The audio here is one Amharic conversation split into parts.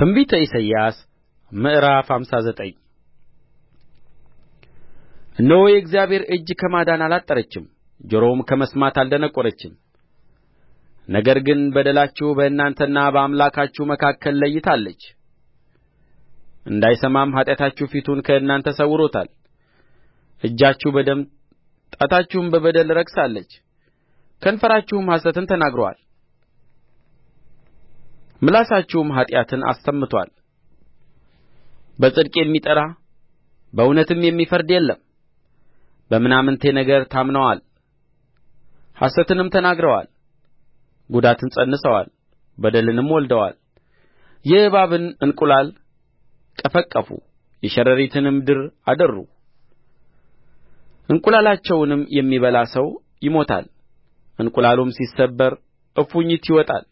ትንቢተ ኢሳይያስ ምዕራፍ ሃምሳ ዘጠኝ እነሆ የእግዚአብሔር እጅ ከማዳን አላጠረችም ጆሮውም ከመስማት አልደነቈረችም ነገር ግን በደላችሁ በእናንተና በአምላካችሁ መካከል ለይታለች እንዳይሰማም ኃጢአታችሁ ፊቱን ከእናንተ ሰውሮታል እጃችሁ በደም ጣታችሁም በበደል ረክሳለች ከንፈራችሁም ሐሰትን ተናግሮአል ምላሳችሁም ኃጢአትን አሰምቶአል በጽድቅ የሚጠራ በእውነትም የሚፈርድ የለም በምናምንቴ ነገር ታምነዋል ሐሰትንም ተናግረዋል ጉዳትን ፀንሰዋል በደልንም ወልደዋል የእባብን እንቍላል ቀፈቀፉ የሸረሪትንም ድር አደሩ እንቍላላቸውንም የሚበላ ሰው ይሞታል እንቍላሉም ሲሰበር እፉኝት ይወጣል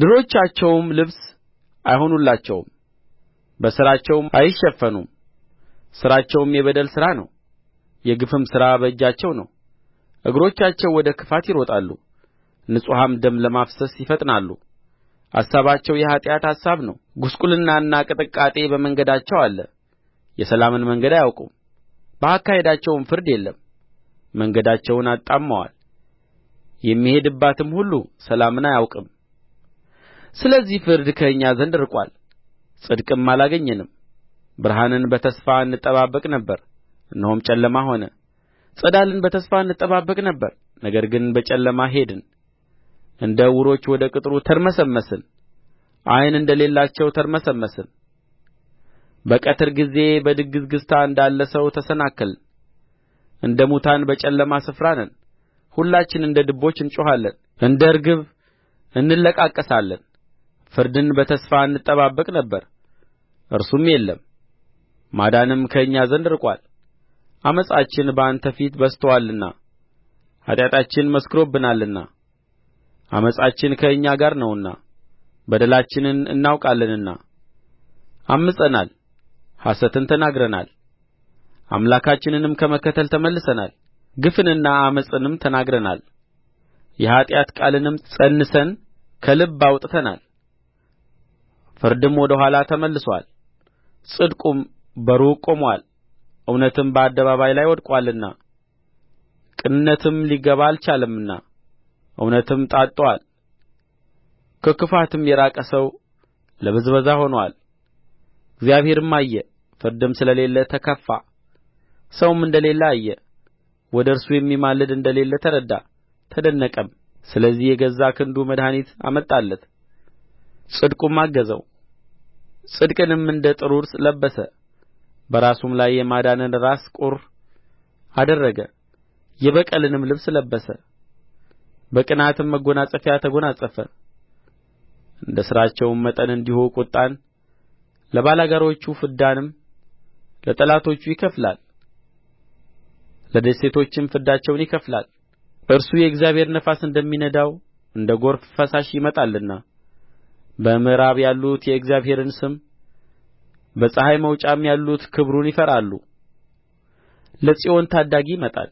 ድሮቻቸውም ልብስ አይሆኑላቸውም በሥራቸውም አይሸፈኑም ሥራቸውም የበደል ሥራ ነው የግፍም ሥራ በእጃቸው ነው እግሮቻቸው ወደ ክፋት ይሮጣሉ ንጹሑን ደም ለማፍሰስ ይፈጥናሉ አሳባቸው የኃጢአት አሳብ ነው ጕስቍልናና ቅጥቃጤ በመንገዳቸው አለ የሰላምን መንገድ አያውቁም በአካሄዳቸውም ፍርድ የለም መንገዳቸውን አጣምመዋል የሚሄድባትም ሁሉ ሰላምን አያውቅም ስለዚህ ፍርድ ከእኛ ዘንድ ርቆአል ጽድቅም አላገኘንም ብርሃንን በተስፋ እንጠባበቅ ነበር እነሆም ጨለማ ሆነ ፀዳልን በተስፋ እንጠባበቅ ነበር ነገር ግን በጨለማ ሄድን እንደ ዕውሮች ወደ ቅጥሩ ተርመሰመስን ዓይን እንደሌላቸው ተርመሰመስን በቀትር ጊዜ በድግዝግዝታ እንዳለ ሰው ተሰናከልን እንደ ሙታን በጨለማ ስፍራ ነን ሁላችን እንደ ድቦች እንጮኻለን እንደ ርግብ እንለቃቀሳለን ፍርድን በተስፋ እንጠባበቅ ነበር እርሱም የለም ማዳንም ከእኛ ዘንድ ርቆአል ዓመፃችን በአንተ ፊት በዝቶአልና ኃጢአታችን መስክሮብናልና ዓመፃችን ከእኛ ጋር ነውና በደላችንን እናውቃለንና ዐምፀናል ሐሰትን ተናግረናል አምላካችንንም ከመከተል ተመልሰናል ግፍንና ዓመፅንም ተናግረናል የኃጢአት ቃልንም ፀንሰን ከልብ አውጥተናል ፍርድም ወደ ኋላ ተመልሶአል ጽድቁም በሩቅ ቆሞአል እውነትም በአደባባይ ላይ ወድቆአልና ቅንነትም ሊገባ አልቻለምና እውነትም ታጥቶአል ከክፋትም የራቀ ሰው ለብዝበዛ ሆኖአል እግዚአብሔርም አየ ፍርድም ስለሌለ ተከፋ ሰውም እንደሌለ አየ ወደ እርሱ የሚማልድ እንደሌለ ተረዳ ተደነቀም ስለዚህ የገዛ ክንዱ መድኃኒት አመጣለት ጽድቁም አገዘው ጽድቅንም እንደ ጥሩር ለበሰ በራሱም ላይ የማዳንን ራስ ቁር አደረገ የበቀልንም ልብስ ለበሰ በቅንዓትም መጐናጸፊያ ተጐናጸፈ እንደ ሥራቸውም መጠን እንዲሁ ቍጣን ለባላጋራዎቹ ፍዳንም ለጠላቶቹ ይከፍላል ለደሴቶችም ፍዳቸውን ይከፍላል እርሱ የእግዚአብሔር ነፋስ እንደሚነዳው እንደ ጐርፍ ፈሳሽ ይመጣልና በምዕራብ ያሉት የእግዚአብሔርን ስም በፀሐይ መውጫም ያሉት ክብሩን ይፈራሉ ለጽዮን ታዳጊ ይመጣል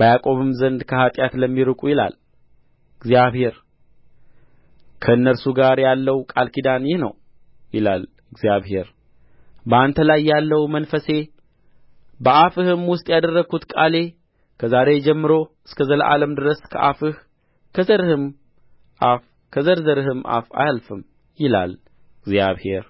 በያዕቆብም ዘንድ ከኃጢአት ለሚርቁ ይላል እግዚአብሔር ከእነርሱ ጋር ያለው ቃል ኪዳን ይህ ነው ይላል እግዚአብሔር በአንተ ላይ ያለው መንፈሴ በአፍህም ውስጥ ያደረግሁት ቃሌ ከዛሬ ጀምሮ እስከ ዘላለም ድረስ ከአፍህ ከዘርህም አፍ ከዘርዘርህም አፍ አያልፍም ይላል እግዚአብሔር